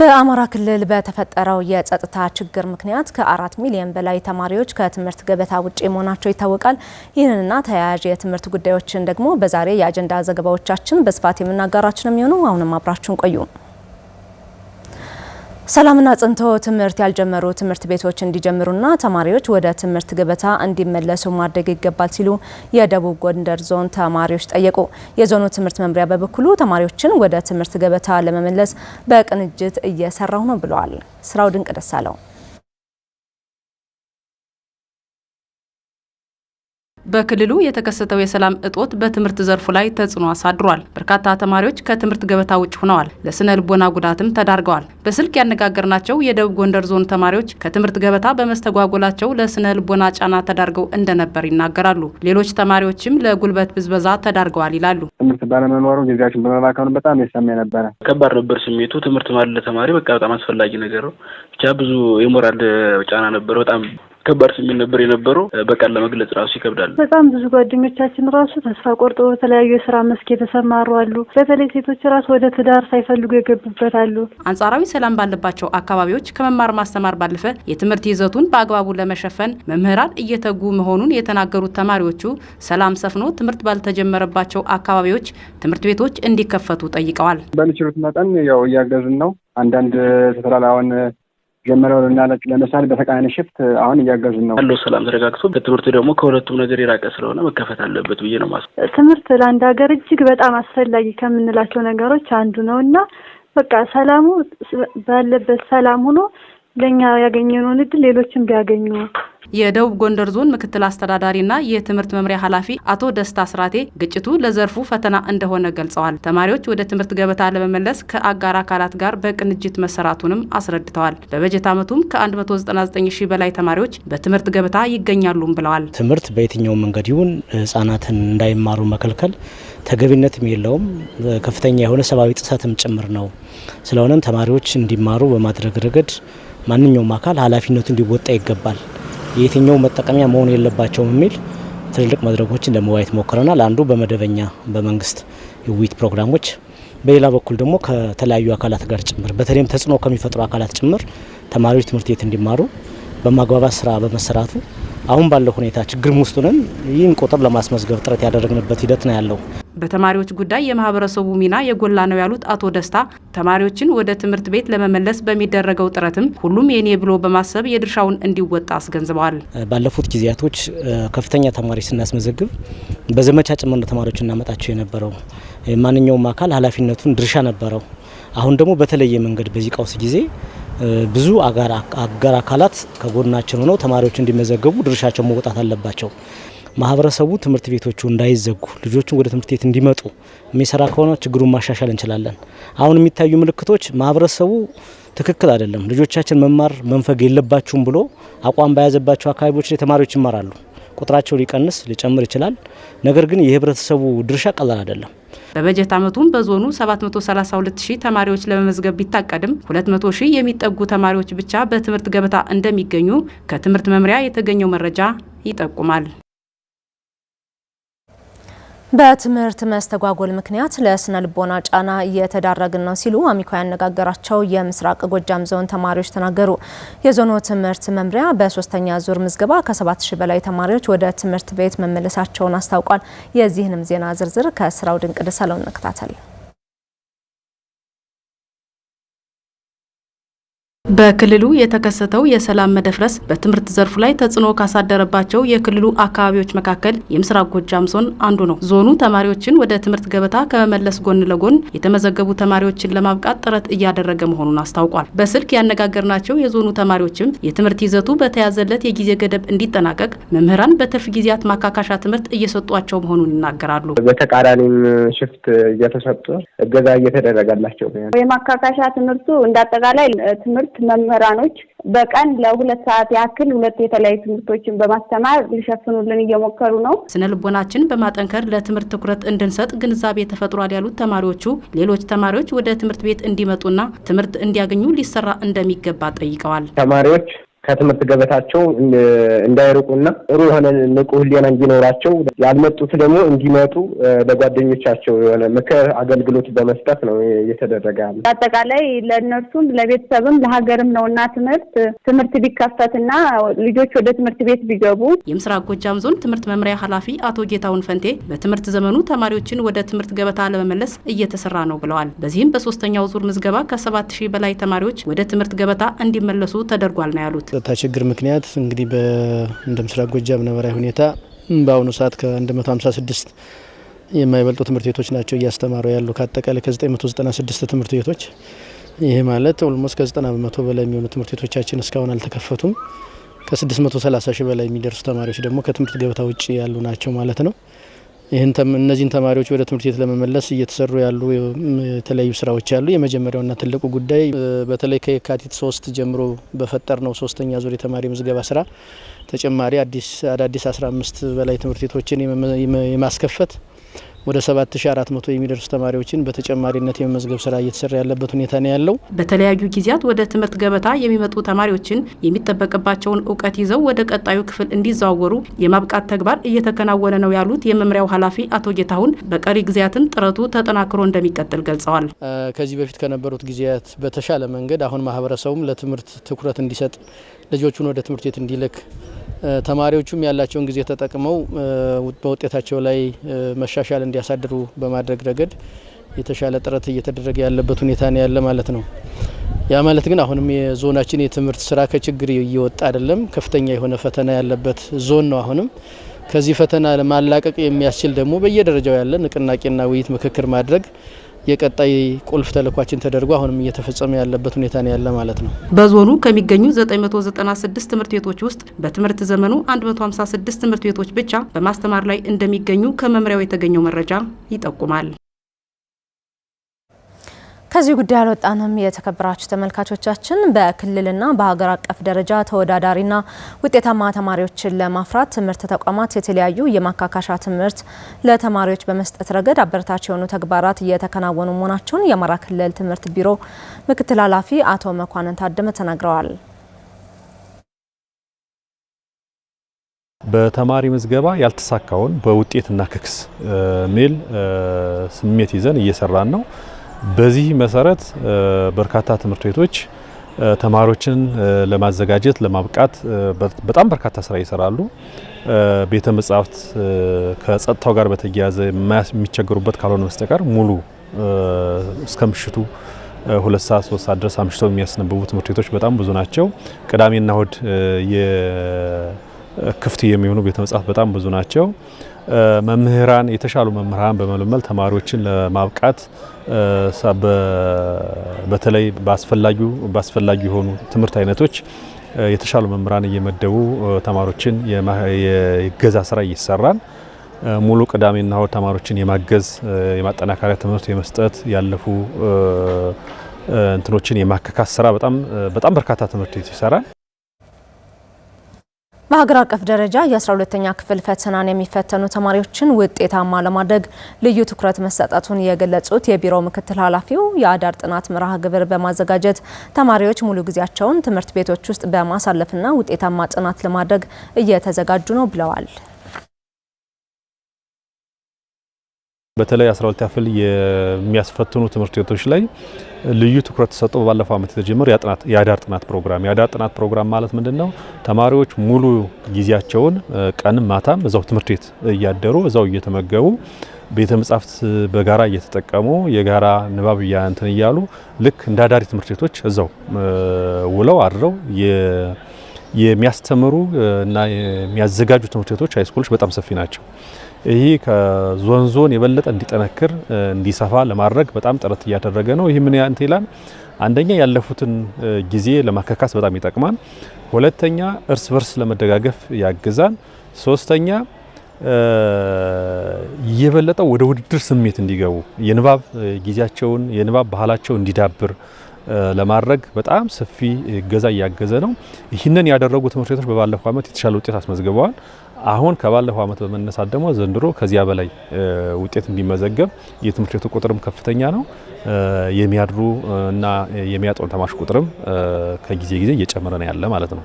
በአማራ ክልል በተፈጠረው የጸጥታ ችግር ምክንያት ከአራት ሚሊዮን በላይ ተማሪዎች ከትምህርት ገበታ ውጪ መሆናቸው ይታወቃል። ይህንና ተያያዥ የትምህርት ጉዳዮችን ደግሞ በዛሬ የአጀንዳ ዘገባዎቻችን በስፋት የምናጋራችን የሚሆነው አሁንም አብራችሁን ቆዩ። ሰላምና ጽንቶ ትምህርት ያልጀመሩ ትምህርት ቤቶች እንዲጀምሩና ተማሪዎች ወደ ትምህርት ገበታ እንዲመለሱ ማድረግ ይገባል ሲሉ የደቡብ ጎንደር ዞን ተማሪዎች ጠየቁ። የዞኑ ትምህርት መምሪያ በበኩሉ ተማሪዎችን ወደ ትምህርት ገበታ ለመመለስ በቅንጅት እየሰራው ነው ብለዋል። ስራው ድንቅ ደስ አለው በክልሉ የተከሰተው የሰላም እጦት በትምህርት ዘርፉ ላይ ተጽዕኖ አሳድሯል። በርካታ ተማሪዎች ከትምህርት ገበታ ውጭ ሆነዋል፣ ለስነ ልቦና ጉዳትም ተዳርገዋል። በስልክ ያነጋገርናቸው የደቡብ ጎንደር ዞን ተማሪዎች ከትምህርት ገበታ በመስተጓጎላቸው ለስነ ልቦና ጫና ተዳርገው እንደነበር ይናገራሉ። ሌሎች ተማሪዎችም ለጉልበት ብዝበዛ ተዳርገዋል ይላሉ። ትምህርት ባለመኖሩ ጊዜያችን በመባከኑ በጣም የሰማ ነበረ። ከባድ ነበር ስሜቱ። ትምህርት ማለት ለተማሪ በቃ በጣም አስፈላጊ ነገር ነው። ብቻ ብዙ የሞራል ጫና ነበረ በጣም ከባድ ስሜት ነበር የነበረው። በቃል ለመግለጽ ራሱ ይከብዳል። በጣም ብዙ ጓደኞቻችን ራሱ ተስፋ ቆርጦ በተለያዩ የስራ መስክ የተሰማሩ አሉ። በተለይ ሴቶች ራሱ ወደ ትዳር ሳይፈልጉ የገቡበት አሉ። አንጻራዊ ሰላም ባለባቸው አካባቢዎች ከመማር ማስተማር ባለፈ የትምህርት ይዘቱን በአግባቡ ለመሸፈን መምህራን እየተጉ መሆኑን የተናገሩት ተማሪዎቹ ሰላም ሰፍኖ ትምህርት ባልተጀመረባቸው አካባቢዎች ትምህርት ቤቶች እንዲከፈቱ ጠይቀዋል። በሚችሉት መጠን ያው እያገዝን ነው። አንዳንድ ተተላላዋን ጀምረው ልናለች ለምሳሌ በተቃራኒ ሽፍት uh, አሁን እያገዙን ነው ያለው። ሰላም ተረጋግቶ በትምህርት ደግሞ ከሁለቱም ነገር የራቀ ስለሆነ መከፈት አለበት ብዬ ነው ማስ ትምህርት ለአንድ ሀገር እጅግ በጣም አስፈላጊ ከምንላቸው ነገሮች አንዱ ነው እና በቃ ሰላሙ ባለበት ሰላም ሆኖ ለእኛ ያገኘነውን እድል ሌሎችም ቢያገኙ። የደቡብ ጎንደር ዞን ምክትል አስተዳዳሪና የትምህርት መምሪያ ኃላፊ አቶ ደስታ ስራቴ ግጭቱ ለዘርፉ ፈተና እንደሆነ ገልጸዋል። ተማሪዎች ወደ ትምህርት ገበታ ለመመለስ ከአጋር አካላት ጋር በቅንጅት መሰራቱንም አስረድተዋል። በበጀት ዓመቱም ከ199 ሺህ በላይ ተማሪዎች በትምህርት ገበታ ይገኛሉም ብለዋል። ትምህርት በየትኛው መንገድ ይሁን ህጻናትን እንዳይማሩ መከልከል ተገቢነትም የለውም፣ ከፍተኛ የሆነ ሰብአዊ ጥሰትም ጭምር ነው። ስለሆነም ተማሪዎች እንዲማሩ በማድረግ ረገድ ማንኛውም አካል ኃላፊነቱ እንዲወጣ ይገባል። የትኛው መጠቀሚያ መሆን የለባቸውም የሚል ትልልቅ መድረኮችን ለመዋየት ሞክረናል። አንዱ በመደበኛ በመንግስት የውይይት ፕሮግራሞች፣ በሌላ በኩል ደግሞ ከተለያዩ አካላት ጋር ጭምር በተለይም ተጽዕኖ ከሚፈጥሩ አካላት ጭምር ተማሪዎች ትምህርት ቤት እንዲማሩ በማግባባት ስራ በመሰራቱ አሁን ባለው ሁኔታ ችግርም ውስጥ ነን። ይህን ቁጥር ለማስመዝገብ ጥረት ያደረግንበት ሂደት ነው ያለው። በተማሪዎች ጉዳይ የማህበረሰቡ ሚና የጎላ ነው ያሉት አቶ ደስታ ተማሪዎችን ወደ ትምህርት ቤት ለመመለስ በሚደረገው ጥረትም ሁሉም የኔ ብሎ በማሰብ የድርሻውን እንዲወጣ አስገንዝበዋል። ባለፉት ጊዜያቶች ከፍተኛ ተማሪ ስናስመዘግብ በዘመቻ ጭምር ተማሪዎች እናመጣቸው የነበረው ማንኛውም አካል ኃላፊነቱን ድርሻ ነበረው። አሁን ደግሞ በተለየ መንገድ በዚህ ቀውስ ጊዜ ብዙ አጋር አካላት ከጎናችን ሆነው ተማሪዎች እንዲመዘገቡ ድርሻቸው መወጣት አለባቸው። ማህበረሰቡ ትምህርት ቤቶቹ እንዳይዘጉ ልጆቹ ወደ ትምህርት ቤት እንዲመጡ የሚሰራ ከሆነ ችግሩን ማሻሻል እንችላለን። አሁን የሚታዩ ምልክቶች ማህበረሰቡ ትክክል አይደለም፣ ልጆቻችን መማር መንፈግ የለባችሁም ብሎ አቋም በያዘባቸው አካባቢዎች ላይ ተማሪዎች ይማራሉ። ቁጥራቸው ሊቀንስ ሊጨምር ይችላል። ነገር ግን የህብረተሰቡ ድርሻ ቀላል አይደለም። በበጀት ዓመቱም በዞኑ 732 ሺህ ተማሪዎች ለመመዝገብ ቢታቀድም 200 ሺህ የሚጠጉ ተማሪዎች ብቻ በትምህርት ገበታ እንደሚገኙ ከትምህርት መምሪያ የተገኘው መረጃ ይጠቁማል። በትምህርት መስተጓጎል ምክንያት ለስነ ልቦና ጫና እየተዳረግን ነው ሲሉ አሚኮ ያነጋገራቸው የምስራቅ ጎጃም ዞን ተማሪዎች ተናገሩ። የዞኑ ትምህርት መምሪያ በሶስተኛ ዙር ምዝገባ ከ7000 በላይ ተማሪዎች ወደ ትምህርት ቤት መመለሳቸውን አስታውቋል። የዚህንም ዜና ዝርዝር ከስራው ድንቅ ደሳለውን እንከታተል። በክልሉ የተከሰተው የሰላም መደፍረስ በትምህርት ዘርፉ ላይ ተጽዕኖ ካሳደረባቸው የክልሉ አካባቢዎች መካከል የምስራቅ ጎጃም ዞን አንዱ ነው። ዞኑ ተማሪዎችን ወደ ትምህርት ገበታ ከመመለስ ጎን ለጎን የተመዘገቡ ተማሪዎችን ለማብቃት ጥረት እያደረገ መሆኑን አስታውቋል። በስልክ ያነጋገርናቸው የዞኑ ተማሪዎችም የትምህርት ይዘቱ በተያዘለት የጊዜ ገደብ እንዲጠናቀቅ መምህራን በትርፍ ጊዜያት ማካካሻ ትምህርት እየሰጧቸው መሆኑን ይናገራሉ። በተቃራኒም ሽፍት እየተሰጡ እገዛ እየተደረገላቸው የማካካሻ ትምህርቱ እንዳጠቃላይ ትምህርት መምህራኖች በቀን ለሁለት ሰዓት ያክል ሁለት የተለያዩ ትምህርቶችን በማስተማር ሊሸፍኑልን እየሞከሩ ነው። ስነ ልቦናችን በማጠንከር ለትምህርት ትኩረት እንድንሰጥ ግንዛቤ ተፈጥሯል ያሉት ተማሪዎቹ ሌሎች ተማሪዎች ወደ ትምህርት ቤት እንዲመጡና ትምህርት እንዲያገኙ ሊሰራ እንደሚገባ ጠይቀዋል። ተማሪዎች ከትምህርት ገበታቸው እንዳይርቁና ጥሩ የሆነ ንቁ ህሊና እንዲኖራቸው ያልመጡት ደግሞ እንዲመጡ ለጓደኞቻቸው የሆነ ምክር አገልግሎት በመስጠት ነው እየተደረገ ያለ። በአጠቃላይ ለእነርሱም ለቤተሰብም ለሀገርም ነውና ትምህርት ትምህርት ቢከፈትና ልጆች ወደ ትምህርት ቤት ቢገቡ። የምስራቅ ጎጃም ዞን ትምህርት መምሪያ ኃላፊ አቶ ጌታውን ፈንቴ በትምህርት ዘመኑ ተማሪዎችን ወደ ትምህርት ገበታ ለመመለስ እየተሰራ ነው ብለዋል። በዚህም በሶስተኛው ዙር ምዝገባ ከሰባት ሺህ በላይ ተማሪዎች ወደ ትምህርት ገበታ እንዲመለሱ ተደርጓል ነው ያሉት። በጸጥታ ችግር ምክንያት እንግዲህ እንደ ምስራቅ ጎጃም ነባራዊ ሁኔታ በአሁኑ ሰዓት ከ156 የማይበልጡ ትምህርት ቤቶች ናቸው እያስተማሩ ያሉ ከአጠቃላይ ከ996 ትምህርት ቤቶች። ይህ ማለት ኦልሞስ ከ90 በመቶ በላይ የሚሆኑ ትምህርት ቤቶቻችን እስካሁን አልተከፈቱም። ከ630 ሺህ በላይ የሚደርሱ ተማሪዎች ደግሞ ከትምህርት ገበታ ውጭ ያሉ ናቸው ማለት ነው። ይህን እነዚህን ተማሪዎች ወደ ትምህርት ቤት ለመመለስ እየተሰሩ ያሉ የተለያዩ ስራዎች አሉ። የመጀመሪያውና ትልቁ ጉዳይ በተለይ ከየካቲት ሶስት ጀምሮ በፈጠር ነው ሶስተኛ ዙር የተማሪ ምዝገባ ስራ ተጨማሪ አዳዲስ 15 በላይ ትምህርት ቤቶችን የማስከፈት ወደ 7400 የሚደርሱ ተማሪዎችን በተጨማሪነት የመመዝገብ ስራ እየተሰራ ያለበት ሁኔታ ነው ያለው። በተለያዩ ጊዜያት ወደ ትምህርት ገበታ የሚመጡ ተማሪዎችን የሚጠበቅባቸውን እውቀት ይዘው ወደ ቀጣዩ ክፍል እንዲዘዋወሩ የማብቃት ተግባር እየተከናወነ ነው ያሉት የመምሪያው ኃላፊ አቶ ጌታሁን በቀሪ ጊዜያትም ጥረቱ ተጠናክሮ እንደሚቀጥል ገልጸዋል። ከዚህ በፊት ከነበሩት ጊዜያት በተሻለ መንገድ አሁን ማህበረሰቡም ለትምህርት ትኩረት እንዲሰጥ ልጆቹን ወደ ትምህርት ቤት እንዲልክ ተማሪዎቹም ያላቸውን ጊዜ ተጠቅመው በውጤታቸው ላይ መሻሻል እንዲያሳድሩ በማድረግ ረገድ የተሻለ ጥረት እየተደረገ ያለበት ሁኔታ ነው ያለ ማለት ነው። ያ ማለት ግን አሁንም የዞናችን የትምህርት ስራ ከችግር እየወጣ አይደለም። ከፍተኛ የሆነ ፈተና ያለበት ዞን ነው። አሁንም ከዚህ ፈተና ለማላቀቅ የሚያስችል ደግሞ በየደረጃው ያለ ንቅናቄና ውይይት፣ ምክክር ማድረግ የቀጣይ ቁልፍ ተልኳችን ተደርጎ አሁንም እየተፈጸመ ያለበት ሁኔታ ነው ያለ ማለት ነው። በዞኑ ከሚገኙ 996 ትምህርት ቤቶች ውስጥ በትምህርት ዘመኑ 156 ትምህርት ቤቶች ብቻ በማስተማር ላይ እንደሚገኙ ከመምሪያው የተገኘው መረጃ ይጠቁማል። ከዚህ ጉዳይ አልወጣንም። የተከበራችሁ ተመልካቾቻችን፣ በክልልና በሀገር አቀፍ ደረጃ ተወዳዳሪና ውጤታማ ተማሪዎችን ለማፍራት ትምህርት ተቋማት የተለያዩ የማካካሻ ትምህርት ለተማሪዎች በመስጠት ረገድ አበረታች የሆኑ ተግባራት እየተከናወኑ መሆናቸውን የአማራ ክልል ትምህርት ቢሮ ምክትል ኃላፊ አቶ መኳንን ታደመ ተናግረዋል። በተማሪ ምዝገባ ያልተሳካውን በውጤትና ክክስ ሚል ስሜት ይዘን እየሰራን ነው። በዚህ መሰረት በርካታ ትምህርት ቤቶች ተማሪዎችን ለማዘጋጀት ለማብቃት በጣም በርካታ ስራ ይሰራሉ። ቤተ መጻሕፍት ከጸጥታው ጋር በተያያዘ የሚቸገሩበት ካልሆነ በስተቀር ሙሉ እስከ ምሽቱ ሁለት ሰዓት ሶስት ሰዓት ድረስ አምሽተው የሚያስነብቡ ትምህርት ቤቶች በጣም ብዙ ናቸው። ቅዳሜና እሁድ የክፍት የሚሆኑ ቤተ መጻሕፍት በጣም ብዙ ናቸው። መምህራን የተሻሉ መምህራን በመለመል ተማሪዎችን ለማብቃት በተለይ በአስፈላጊው በአስፈላጊ የሆኑ ትምህርት አይነቶች የተሻሉ መምህራን እየመደቡ ተማሪዎችን የገዛ ስራ እየሰራን ሙሉ ቅዳሜና እሁድ ተማሪዎችን የማገዝ የማጠናከሪያ ትምህርት የመስጠት ያለፉ እንትኖችን የማከካስ ስራ በጣም በርካታ ትምህርት ይሰራል። በሀገር አቀፍ ደረጃ የ12ተኛ ክፍል ፈተናን የሚፈተኑ ተማሪዎችን ውጤታማ ለማድረግ ልዩ ትኩረት መሰጠቱን የገለጹት የቢሮው ምክትል ኃላፊው የአዳር ጥናት መርሃ ግብር በማዘጋጀት ተማሪዎች ሙሉ ጊዜያቸውን ትምህርት ቤቶች ውስጥ በማሳለፍና ውጤታማ ጥናት ለማድረግ እየተዘጋጁ ነው ብለዋል። በተለይ 12 ያፍል የሚያስፈትኑ ትምህርት ቤቶች ላይ ልዩ ትኩረት ተሰጥቶ ባለፈው ዓመት የተጀመረ የአዳር ጥናት ፕሮግራም የአዳር ጥናት ፕሮግራም ማለት ምንድን ነው? ተማሪዎች ሙሉ ጊዜያቸውን ቀንም ማታም እዛው ትምህርት ቤት እያደሩ እዛው እየተመገቡ ቤተ መጻሕፍት በጋራ እየተጠቀሙ የጋራ ንባብ እንትን እያሉ ልክ እንደ አዳሪ ትምህርት ቤቶች እዛው ውለው አድረው የሚያስተምሩ እና የሚያዘጋጁ ትምህርት ቤቶች ሃይስኩሎች በጣም ሰፊ ናቸው። ይህ ከዞን ዞን የበለጠ እንዲጠነክር እንዲሰፋ ለማድረግ በጣም ጥረት እያደረገ ነው። ይህ ምን ያንት ይላል? አንደኛ ያለፉትን ጊዜ ለማካካስ በጣም ይጠቅማል። ሁለተኛ እርስ በርስ ለመደጋገፍ ያግዛል። ሶስተኛ የበለጠ ወደ ውድድር ስሜት እንዲገቡ የንባብ ጊዜያቸውን የንባብ ባህላቸው እንዲዳብር ለማድረግ በጣም ሰፊ እገዛ እያገዘ ነው። ይህንን ያደረጉ ትምህርት ቤቶች በባለፈው ዓመት የተሻለ ውጤት አስመዝግበዋል። አሁን ከባለፈው ዓመት በመነሳት ደግሞ ዘንድሮ ከዚያ በላይ ውጤት እንዲመዘገብ የትምህርት ቤቱ ቁጥርም ከፍተኛ ነው። የሚያድሩ እና የሚያጠኑ ተማሪዎች ቁጥርም ከጊዜ ጊዜ እየጨመረ ነው ያለ ማለት ነው።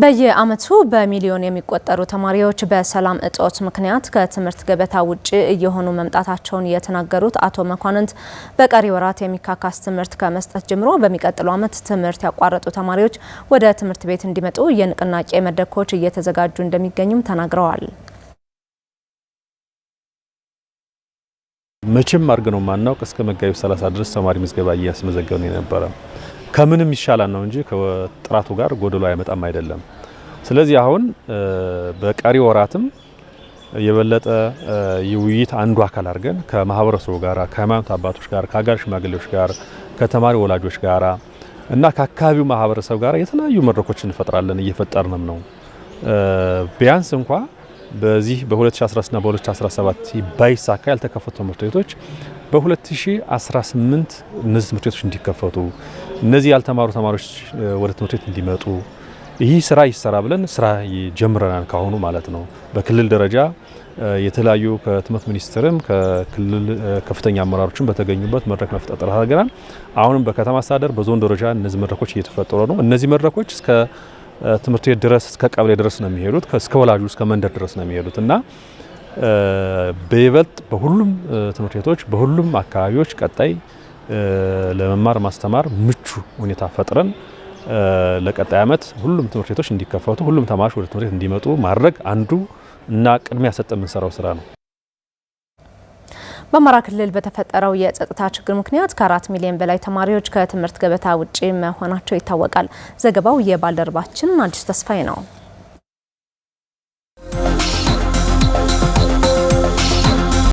በየዓመቱ በሚሊዮን የሚቆጠሩ ተማሪዎች በሰላም እጦት ምክንያት ከትምህርት ገበታ ውጭ እየሆኑ መምጣታቸውን የተናገሩት አቶ መኳንንት በቀሪ ወራት የሚካካስ ትምህርት ከመስጠት ጀምሮ በሚቀጥለው ዓመት ትምህርት ያቋረጡ ተማሪዎች ወደ ትምህርት ቤት እንዲመጡ የንቅናቄ መድረኮች እየተዘጋጁ እንደሚገኙም ተናግረዋል። መቼም አድርገን ነው የማናውቅ እስከ መጋቢት 30 ድረስ ተማሪ ምዝገባ እያስመዘገብን የነበረ ከምንም ይሻላል ነው እንጂ ከጥራቱ ጋር ጎደሎ አይመጣም አይደለም። ስለዚህ አሁን በቀሪ ወራትም የበለጠ የውይይት አንዱ አካል አድርገን ከማህበረሰቡ ጋር፣ ከሃይማኖት አባቶች ጋር፣ ከሀገር ሽማግሌዎች ጋር፣ ከተማሪ ወላጆች ጋር እና ከአካባቢው ማህበረሰብ ጋር የተለያዩ መድረኮች እንፈጥራለን እየፈጠርንም ነው። ቢያንስ እንኳ በዚህ በ 2016 እና በ2017 ባይሳካ ያልተከፈቱ ትምህርት ቤቶች በ2018 እነዚህ ትምህርት ቤቶች እንዲከፈቱ እነዚህ ያልተማሩ ተማሪዎች ወደ ትምህርት ቤት እንዲመጡ ይህ ስራ ይሰራ ብለን ስራ ጀምረናል፣ ካሁኑ ማለት ነው። በክልል ደረጃ የተለያዩ ከትምህርት ሚኒስቴርም ከክልል ከፍተኛ አመራሮችም በተገኙበት መድረክ መፍጠር ጥረት አድርገናል። አሁንም በከተማ አስተዳደር በዞን ደረጃ እነዚህ መድረኮች እየተፈጠሩ ነው። እነዚህ መድረኮች እስከ ትምህርት ቤት ድረስ እስከ ቀበሌ ድረስ ነው የሚሄዱት፣ እስከ ወላጁ እስከ መንደር ድረስ ነው የሚሄዱት እና በይበልጥ በሁሉም ትምህርት ቤቶች በሁሉም አካባቢዎች ቀጣይ ለመማር ማስተማር ምቹ ሁኔታ ፈጥረን ለቀጣይ ዓመት ሁሉም ትምህርት ቤቶች እንዲከፈቱ ሁሉም ተማሪዎች ወደ ትምህርት ቤት እንዲመጡ ማድረግ አንዱ እና ቅድሚያ ሰጠን የምንሰራው ስራ ነው። በአማራ ክልል በተፈጠረው የጸጥታ ችግር ምክንያት ከአራት ሚሊዮን በላይ ተማሪዎች ከትምህርት ገበታ ውጪ መሆናቸው ይታወቃል። ዘገባው የባልደረባችን አዲስ ተስፋዬ ነው።